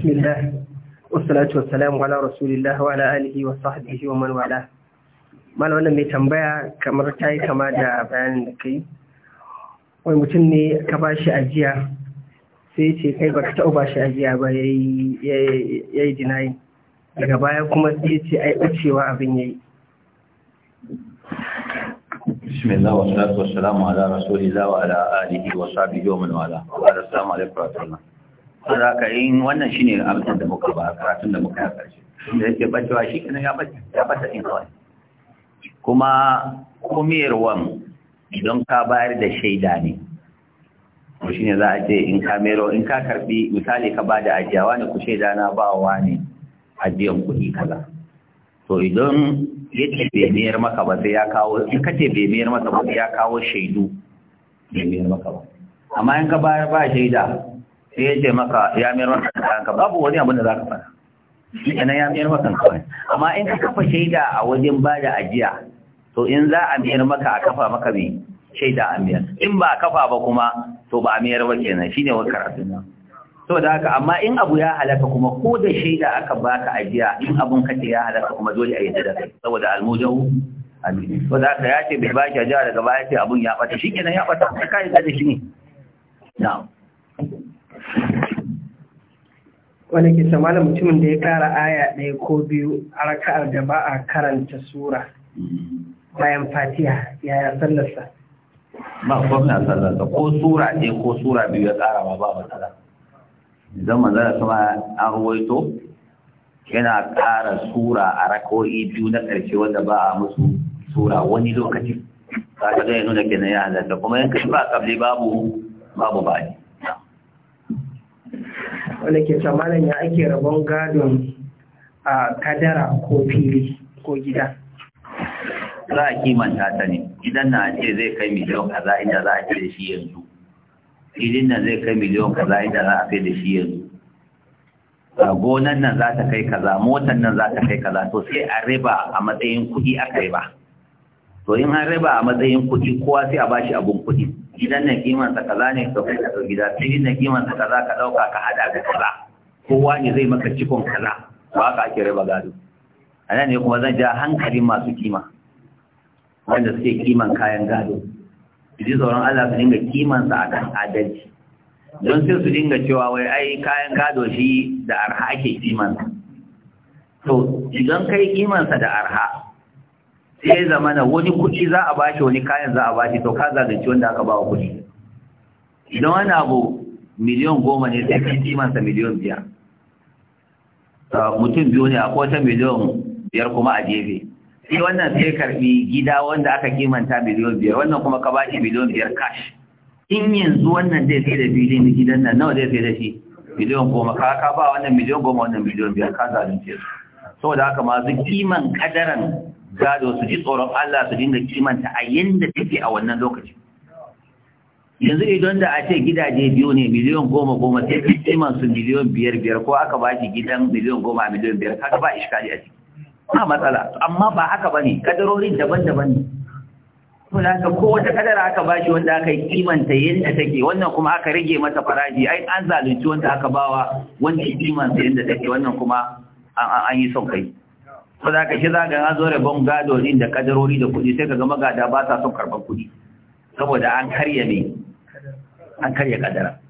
بسم الله والصلاة والسلام على رسول الله وعلى آله وصحبه ومن والاه ما لو mai tambaya kamar ta yi kama da bayanin da kai wai mutum ne ka ba shi ajiya sai ce kai baka taɓa ba ajiya ba yi dinayi daga baya kuma sai ce ai ɓacewa abin yi bismillah wa salatu wa salamu ala rasulillah wa ala alihi wa sahbihi wa man wala wa alaikum wa za ka yin wannan shi ne amsar da muka ba karatun da muka ya karshe da yake bacewa shi kenan ya bace ya bace din kawai kuma wan idan ka bayar da shaida ne to shine za a ce in ka mero in ka karbi misali ka ba da ajiyawa ne ku shaida na ba wa ne ajiyan kuɗi kaza to idan ya ce bai mayar maka ba sai ya kawo in ka ce bai mayar maka ba sai ya kawo shaidu bai mayar maka ba amma in ka bayar ba shaida sai ya ce maka ya mayar maka kayan ka babu wani abin da za ka fara shi kenan ya mayar maka kawai amma in ka kafa shaida a wajen ba da ajiya to in za a mayar maka a kafa maka mai shaida a mayar in ba a kafa ba kuma to ba a mayar ba kenan shine wani karatu na to da haka amma in abu ya halaka kuma ko da shaida aka baka ajiya in abun kace ya halaka kuma dole a yi da kai saboda almujahu amin to da haka ya ce bai baki ajiya daga baya ce abun ya shi kenan ya fata kai da shi ne na'am wani ke malam mutumin da ya kara aya ɗaya ko biyu a raka'ar da ba a karanta sura bayan fatiha yaya sallarsa ba gwamna sallarsa ko sura ɗaya ko sura biyu ya tsara ba ba matsala idan manzara sama an ruwaito yana ƙara sura a rako'i biyu na ƙarshe wanda ba a musu sura wani lokaci ta ga ya nuna kenan ya halatta kuma yanka shi ba kabli babu babu bani wanda ke samanin ya ake rabon gadon a kadara ko fili ko gida za a kimanta ta ne gidan na ce zai kai miliyon kaza inda za a fi da shi yanzu filin nan zai kai miliyon kaza inda za a fi da shi yanzu gonan nan za ta kai kaza motan nan za ta kai kaza to sai a riba a matsayin kuɗi aka riba to in an raba a matsayin kuɗi kowa sai a bashi abun kuɗi gidan na sa kaza ne to kai ka ɗau gida filin na sa kaza ka ɗauka ka haɗa da kaza kowa ne zai maka cikon kaza ba ka ake raba gado a nan ne kuma zan ja hankalin masu kima wanda suke kiman kayan gado ji tsoron Allah su dinga kimansa a kan adalci don sai su dinga cewa wai ai kayan gado shi da arha ake kimansa to idan kai kimansa da arha sai zamana wani kuɗi za a bashi wani kayan za a bashi to ka zalunci wanda aka ba wa kuɗi idan wani abu miliyon goma ne sai kan kimansa miliyon biyar mutum biyu ne a kota miliyon biyar kuma a jefe sai wannan sai karbi gida wanda aka kimanta miliyon biyar wannan kuma ka bashi miliyon biyar cash in yanzu wannan zai sai da filin gidan nan nawa zai sai da shi miliyon goma ka ka ba wannan miliyon goma wannan miliyon biyar ka zalunce su saboda haka masu kiman kadaran gado su ji tsoron Allah su dinga kimanta a yanda take a wannan lokacin yanzu idan da a ce gidaje biyu ne miliyon goma goma sai fi kiman su miliyon biyar biyar ko aka ba shi gidan miliyon goma miliyon biyar kaga ba iskali a ciki ba matsala amma ba haka ba ne daban-daban ne da ka ko wata kadara aka bashi wanda aka yi kimanta yadda take wannan kuma aka rage mata faraji ai an zalunci wanda aka bawa wanda ya kimanta yadda take wannan kuma an yi son kai ko za ka shi za ka zo rabon gado din da kadarori da kuɗi sai ka ga magada ba sa son karɓar kuɗi saboda an karya ne an karya kadara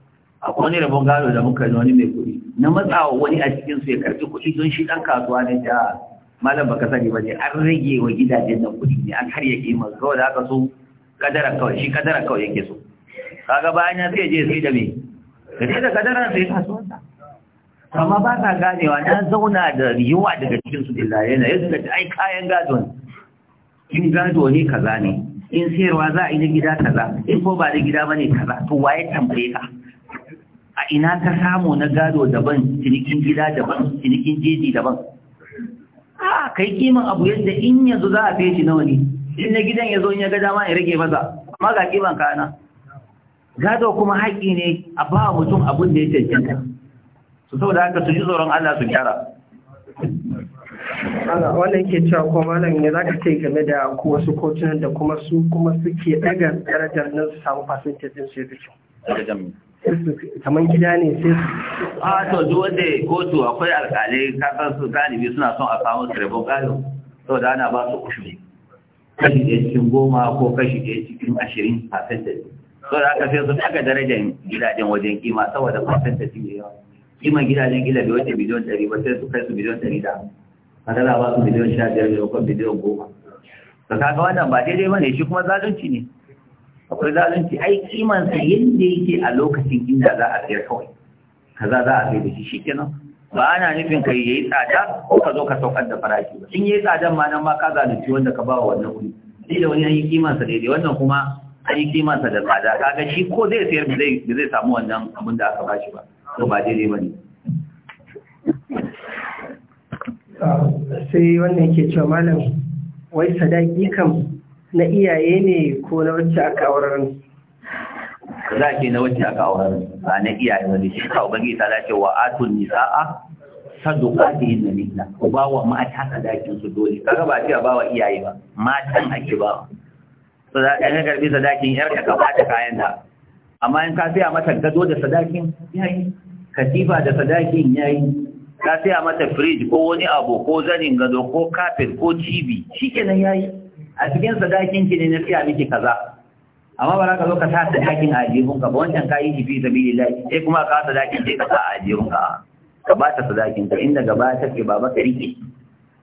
akwai wani rabon gado da muka yi wani mai kuɗi na matsawa wani a cikin su ya karɓi kuɗi don shi ɗan kasuwa ne da malam baka sani ba ne an rage wa gidajen nan kuɗi ne an karya kima kawai da aka so kadara kawai shi kadara kawai yake so kaga bayan ya sai je sai da me sai da kadaran sai kasuwansa amma ba sa ganewa na zauna da yawa daga cikin su billahi na yadda da ai kayan gado ne in gado ne kaza ne in sayarwa za a yi na gida kaza in ko ba da gida bane kaza to waye tambaye ka a ina ka samu na gado daban cinikin gida daban cinikin jeji daban a kai kiman abu yadda in yanzu za a fiye nawa ne in na gidan ya zo ya ga dama ya rage maza amma ga kiman kana gado kuma haƙƙi ne a ba mutum abin da ya cancanta su saboda haka su ji tsoron Allah su gyara wannan ke cewa ko malam ne za ka ce game da wasu kotunan da kuma su kuma suke daga darajar nan su samu fasintin su yi Kaman gida ne sai a to duk wanda kotu akwai alkalai kasan su galibi suna son a samu tribun galo saboda ana ba su kushuri kashi ɗaya cikin goma ko kashi ɗaya cikin ashirin sau saboda haka sai su daga darajar gidajen wajen kima saboda fasintin yawa kiman gidajen gida bai wata biliyon ɗari ba sai su kai su biliyon ɗari da kaga za a ba su biliyon sha biyar maimakon biliyon goma Ka kaga wannan ba daidai ba ne shi kuma zalunci ne akwai zalunci ai kiman sa yadda yake a lokacin inda za a sayar kawai kaza za a sayar da shi shikenan ba ana nufin kai yayi tsada ko ka zo ka saukar da farashi ba in yayi tsadan ma nan ma ka zalunci wanda ka ba wa wannan kuɗi sai da wani an yi kiman sa daidai wannan kuma an yi kiman sa da tsada kaga shi ko zai sayar ba zai samu wannan abin da aka ba shi ba ko ba daidai ba ne sai wannan ke cewa malam wai sadaki kam na iyaye ne ko na wacce aka auren za ke na wacce aka auren ba na iyaye wani shi ka ubangi ta dace wa atun nisa'a saduka ta yin da nisa ku ba wa mata sadakin su dole kaga ba ce ba wa iyaye ba matan ake ba su za ka ga karbi sadakin yarka ka bata kayan ta amma in ka saya mata gado da sadakin yayi katifa da sadakin yayi ka saya mata fridge ko wani abu ko zanin gado ko kafin ko cibi shikenan yayi a cikin sadakin ki ne na saya miki kaza amma ba za ka zo ka sa sadakin a jihun ka ba wancan ka yi jifi sabilillahi sai kuma ka sadakin sai ka sa a jihun ka ka ba ta sadakin ka inda gaba ta ke baba ka rike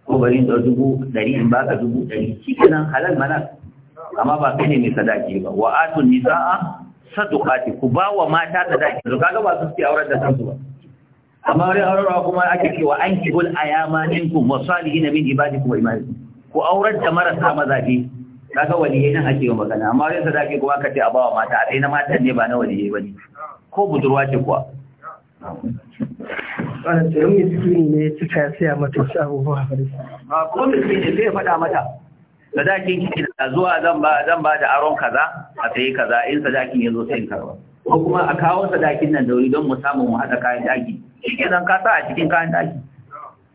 ko bari da dubu dari in baka dubu ɗari shikenan halal mana amma ba kai ne mai sadaki ba wa atun nisa'a sadukati ku ba wa mata da daki su kaga ba su suke auren da kansu ba amma wani aurarwa kuma ake cewa an kibul ayama minkum ku musalihin min ibadikum wa imanikum ku auren da marasa mazafi kaga waliyai nan ake yin magana amma wani sadaki kuma aka ce a ba wa mata a dai na matan ne ba na waliyai bane ko budurwa ce kuwa Wanda tsayin miskini ne ya cika ya mata wasu abubuwa ba da su. Ko miskini sai ya faɗa mata. sadakin ki da zuwa zan ba zan ba da aron kaza a sayi kaza in sadakin yazo sai in karba ko kuma a kawo sadakin nan da wuri don mu samu mu hada kayan daki shikenan ka sa a cikin kayan daki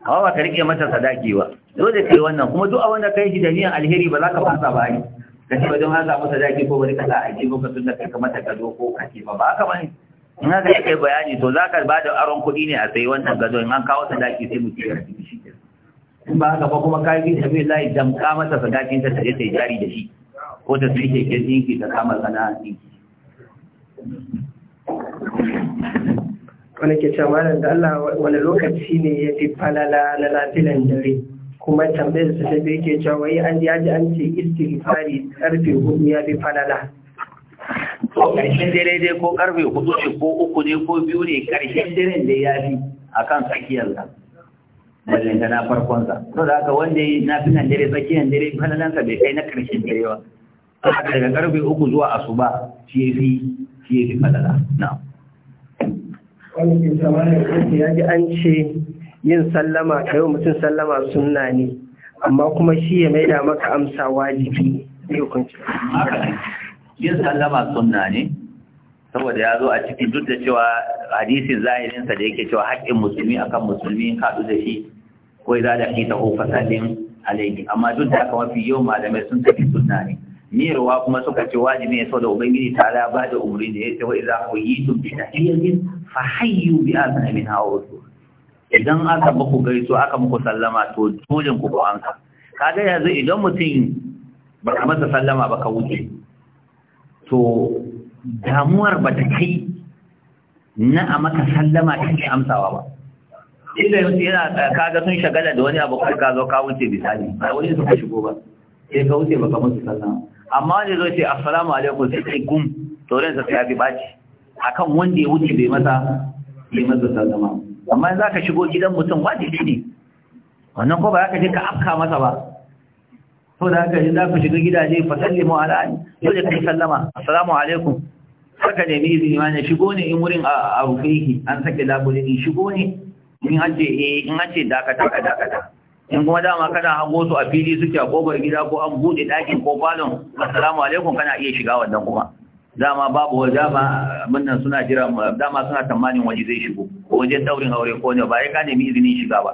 amma ba ka rike mata sadaki ba dole kai wannan kuma duk abin da kai shi da niyan alheri ba za ka fasa ba ai ka ce wajen an samu sadaki ko bari ka sa a ji ko ka tunda kai kamata ka zo ko ka ce ba ba ka bane in haka ya kai bayani to za ka ba da aron kuɗi ne a sayi wannan gado in an kawo sadaki sai mu ci shi in ba haka ba kuma ka yi mai layi damka masa sadakin ta tare ta jari da shi ko ta sai ke ki ta kama sana'a dinki wani ke cewa da Allah wani lokaci ne ya fi falala na lafilan dare kuma tambayar su da bai ke cewa wai an yaji an ce istighfari karfe hudu ya fi falala Karshen dare dai ko karfe hudu ne ko uku ne ko biyu ne ƙarshen dare da ya fi akan tsakiyar nan ballanta na farkonsa to da haka wanda yi na fi nan dare tsakiyar dare sa bai kai na ƙarshen dare ba daga karfe uku zuwa asuba shi ya fi shi ya fi falala na wani ke tsammanin ya ji an ce yin sallama ka yi mutum sallama sunna ne amma kuma shi ya maida maka amsa wajibi ne hukunci yin sallama sunna ne saboda ya zo a cikin duk da cewa hadisin zahirinsa da yake cewa haƙƙin musulmi akan musulmi haɗu da shi ko idza laqitahu fasallim alayhi amma duk da haka mafi yau malamai sun tafi sunna ne miyarwa kuma suka ce wajibi ne saboda ubangiji ta ba da umarni da ya ce wa idza tun bi tahiyyatin fa hayyu bi ahsana min aw idan aka muku gaiso aka muku sallama to dole ku ko anka kaga yanzu idan mutum ba ka masa sallama ba ka wuce to damuwar ba ta kai na a maka sallama kake amsawa ba inda yanzu yana kaga sun shagala da wani abu ka zo ka wuce misali ba wani suka shigo ba sai ka wuce baka musu sallah amma ne zo ce assalamu alaikum sai ce gum to ran sai ya bi baci akan wanda ya wuce bai masa bai masa sallama amma in zaka shigo gidan mutum wajibi ne wannan ko ba zaka je ka afka masa ba to da haka in zaka shiga gidaje fa sallimu ala ali dole ka sallama assalamu alaikum saka nemi izini ma ne shigo ne in wurin a rufe yake an sake labule shigo ne in an ce eh in an dakata ka dakata in kuma dama kana hango su a fili suke a kofar gida ko an bude dakin ko falon assalamu alaikum kana iya shiga wannan kuma dama babu wa dama abinnan suna jira dama suna tamanin waje zai shigo ko wajen daurin aure ko ne ba ya ka nemi izinin shiga ba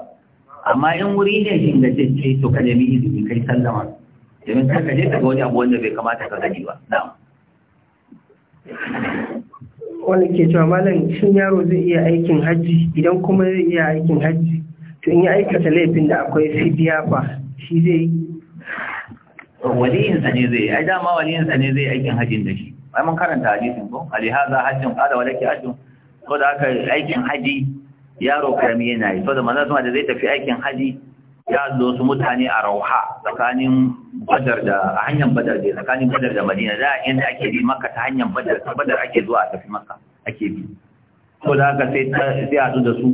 amma in wuri ne da shingantacce to ka nemi izini kai sallama domin kar ka je ka ga wani abu wanda bai kamata ka gani ba na'am wanda ke cewa malam shin yaro zai iya aikin hajji idan kuma zai iya aikin hajji to in ya aikata laifin da akwai fidiya fa shi zai yi waliyinsa ne zai ai dama waliyinsa ne zai aikin hajjin da shi ai mun karanta hadisin ko Ali alihaza hajjin qala walaki hajjin ko da aka aikin hajji yaro karami yana yi to da manzo da zai tafi aikin hajji ya zo su mutane a rauha tsakanin badar da a hanyar badar da tsakanin badar da madina da yanda ake bi maka ta hanyar badar ta badar ake zuwa a tafi maka ake bi ko da haka sai sai a da su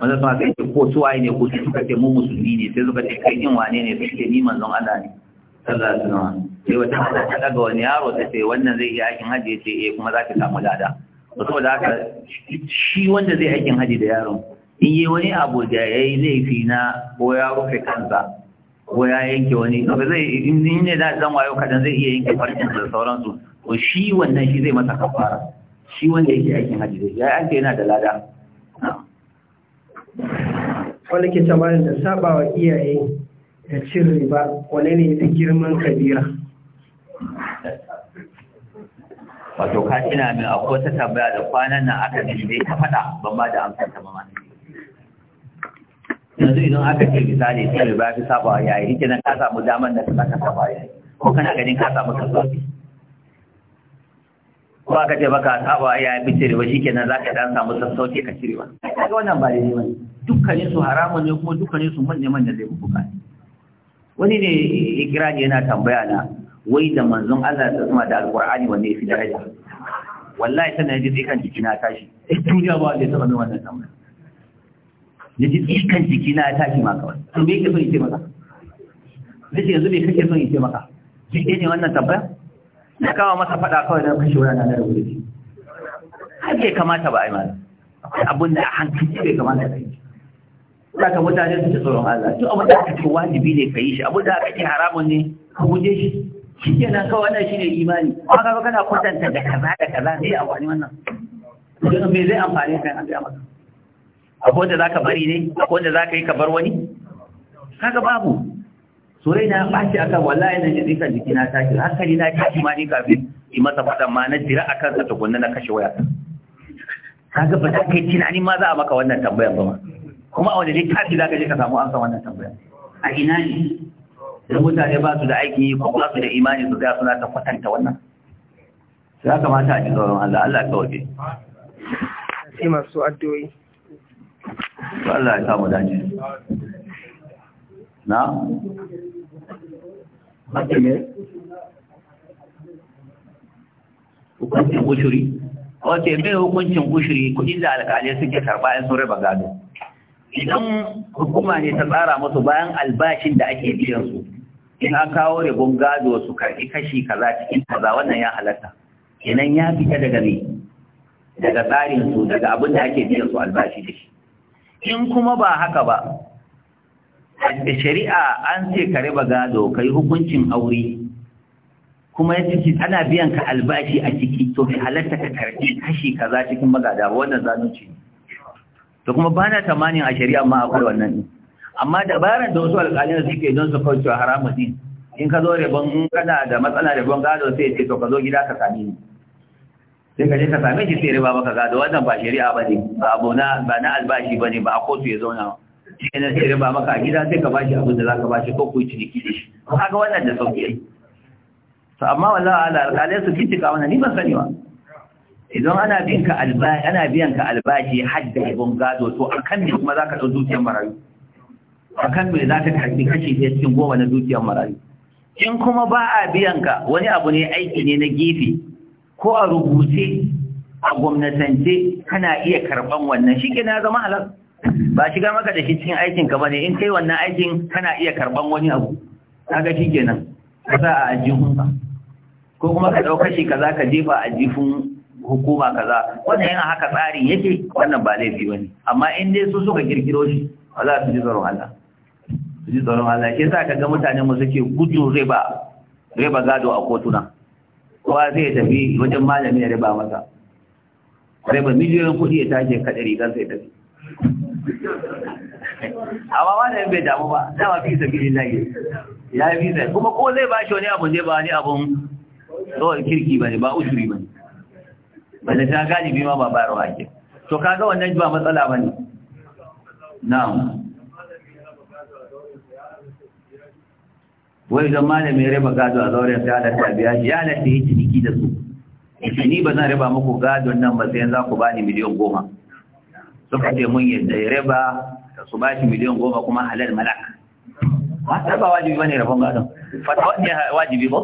wanda suna sai ce ko su waye ne ko su suka ce mu musulmi ne sai suka ce kai din wane ne sai ce ni manzon Allah ne sallallahu alaihi wasallam sai wata mata ta daga wani yaro ta ce wannan zai yi aikin haji ya ce eh kuma za ka samu lada to saboda haka shi wanda zai aikin haji da yaron in yi wani abu da ya yi laifi na ko ya rufe kansa ko ya yanke wani abu zai in ne da zan wayo kadan zai iya yanke farkin da sauransu ko shi wannan shi zai masa kafara shi wanda yake aikin haji zai ya yanke yana da lada wani ke tamarin da saba wa iyaye da cin riba wane ne da girman kabira wato ka ina min akwai wata tambaya da kwanan nan aka ne ta faɗa ban ba da amsar ta ba yanzu idan aka ce misali sai riba fi saba yayi ita nan ka samu daman da ka saba yayi ko kana ganin ka samu ne. ko aka ce baka saba yayi fi cire ba shikenan zaka dan samu sassauci ka cire ba kaga wannan ba dai bane dukkanin su haramun ne kuma dukkanin su manne manyan zai buka wani ne ne yana tambaya na wai da manzon Allah da kuma da alqur'ani wanne yafi daraja wallahi sanan yaji kan jikina tashi duniya ba zai taba mai wannan tambaya ya ji tsikan jiki na ya tashi maka kawai to me yake son ya ce maka zai yanzu me kake son ya ce maka jiki ne wannan tabbaya na kawo masa faɗa kawai na kashe wurana na shi. har bai kamata ba a yi mana akwai abin da a hankali bai kamata ka yi za mutane su ci tsoron Allah duk abin da aka ce wajibi ne ka yi shi abin da aka ce haramun ne ka guje shi shi ke nan kawai wannan shi ne imani ba ka kana kwatanta da kaza da kaza zai amfani wannan don me zai amfani kan an gaya maka akwai wanda ka bari ne akwai wanda ka yi ka bar wani kaga babu soyayya na baci akan wallahi na jirgin kan jiki na tashi hankali na tashi ma ni kafin yi masa fadan ma na jira akan sa tukunna na kashe waya kaga ba za ka yi tunanin ma za a maka wannan tambayar ba ma kuma a ka littafi za ka je ka samu amsa wannan tambayar a ina ne da mutane ba su da aiki ko ba su da imani su ga suna ta kwatanta wannan sai ya kamata a ji tsoron Allah Allah kawo ke. sai masu addu'o'i Allah ya samu dace na Haka ne hukuncin ushuri wace mai hukuncin ushuri kudin da alkalai suke karba yin sun raba gado idan hukuma ne ta tsara masu bayan albashin da ake biyansu, su in kawo rabon gado su karɓi kashi kaza cikin kaza wannan ya halatta Inan ya fita daga ne daga tsarin daga abin da ake biyan albashi da shi in kuma ba haka ba da shari'a an ce ka riba gado ka yi hukuncin aure kuma ya ciki ana biyan ka albashi a ciki to fi halatta ka karɓi kashi kaza cikin magada ba wannan zanunci to kuma ba na tamanin a shari'a ma akwai wannan amma dabaran da wasu alƙalin suke don su cewa haramun din in ka zo rabon in kana da matsala rabon gado sai ce to ka zo gida ka sami ni sai ka je ka same shi sai riba ga gado wannan ba shari'a ba ne ba abu na ba na albashi ba ne ba a kotu ya zauna shi ne sai riba maka a gida sai ka bashi abin da za ka bashi ko ku yi ciniki da shi ko haka wannan da sauki ne to amma wallahi ala alƙalai su fitika wannan ni ban sani ba idan ana biyan ka albashi ana biyan ka albashi da ibon gado to akan ne kuma zaka dau dukiyar marayu akan me zaka karbi kashi da cikin goma na dukiyar marayu in kuma ba a biyan ka wani abu ne aiki ne na gefe ko a rubuce a gwamnatance kana iya karɓan wannan shi na zama halar ba shi ga maka da shi cikin aikin ka bane in kai wannan aikin kana iya karɓan wani abu kaga shi kenan ka za a ajihun ba ko kuma ka ɗauka shi kaza ka jefa a jifin hukuma kaza wannan yana haka tsarin yake wannan ba laifi ne amma in dai su suka kirkiro shi ba za su ji tsaron Allah su ji tsaron Allah shi yasa ga mutanen mu suke gudun riba riba gado a kotuna kowa zai tafi wajen malami ya riba masa riba miliyoyin kuɗi ya tashi kaɗa rigar sai tafi amma malamin bai damu ba dama fi sabi lillahi ya fi sai kuma ko zai ba shi wani abu zai ba wani abun tsawon kirki ba ne ba usuri ba ne ba da ta galibi ma ba bayarwa ake to kaga wannan ba matsala ba ne na'am wai don malami ya raba gado a zauren sai halatta biya shi ya halatta yi ciniki da su yace ni ba zan raba muku gado nan ba sai za ku bani miliyan goma suka ce mun yadda ya raba su ba shi miliyan goma kuma halal malak wata ba wajibi bane rabon gado fatawa ne wajibi ba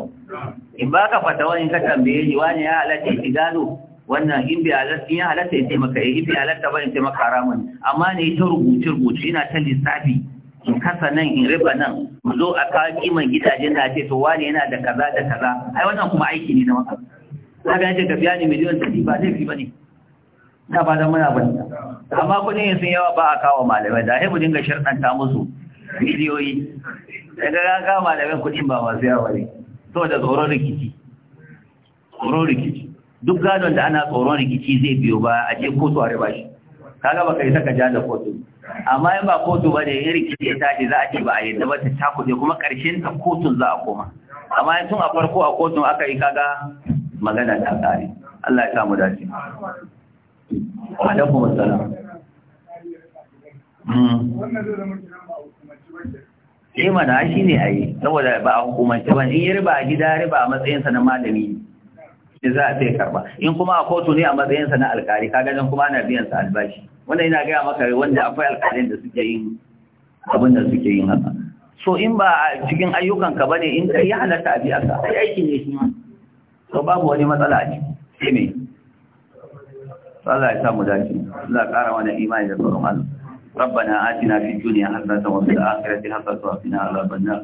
in ba ka fatawa in ka tambaye ni wani ya halatta yi gado wannan in bi halatta in ya halatta ya taimaka ya eh, in bai halatta ba ya taimaka ramun amma ne ta rubuce rubuce ina ta lissafi in kasa nan in riba nan mu zo a kawo kiman gidaje na ce to wani yana da kaza da kaza ai wannan kuma aiki ne na maka kaga yace ka biya ni miliyan ta ba zai fi bane ta ba da muna bane amma kudin sun yawa ba a kawo malamai da mu dinga sharɗanta musu miliyoyi daga ga ga malamai kudin ba masu yawa ne saboda tsoron rikici tsoron rikici duk gadon da ana tsoron rikici zai biyo ba a ce kotu a riba shi kaga baka yi saka ja da kotu amma in ba kotu ba da irin kiɗi ya tashi za a ce ba a yadda ba ta cakuɗe kuma ƙarshen ta kotun za a koma amma tun a farko a kotun aka yi kaga magana ta ƙare Allah ya samu dace alaikum assalam hmm. Eh mana shi ne a yi, saboda ba a hukumance ba, in yi riba a gida riba a matsayinsa na malami sai za a sai karba in kuma a kotu ne a matsayinsa na alkali ka nan kuma ana biyan sa albashi wannan ina gaya maka wanda akwai alkalin da suke yin abin da suke yin haka so in ba a cikin ayyukan ka bane in kai ya halatta a biya ka ai aiki ne shi to babu wani matsala a ciki sai me Allah ya samu dace Allah kara mana imani da tsoron Allah ربنا آتنا في الدنيا حسنة وفي الآخرة حسنة وقنا عذاب النار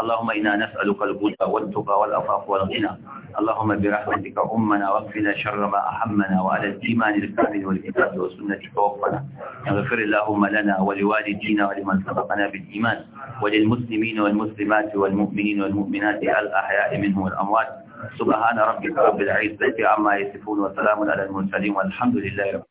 اللهم إنا نسألك الهدى والتقى والعفاف والغنى اللهم برحمتك أمنا واغفنا شر ما أحمنا وعلى الإيمان الكامل والكتاب والسنة توفنا اغفر اللهم لنا ولوالدينا ولمن سبقنا بالإيمان وللمسلمين والمسلمات والمؤمنين والمؤمنات الأحياء منهم والأموات سبحان ربك رب العزة عما يصفون وسلام على المرسلين والحمد لله رب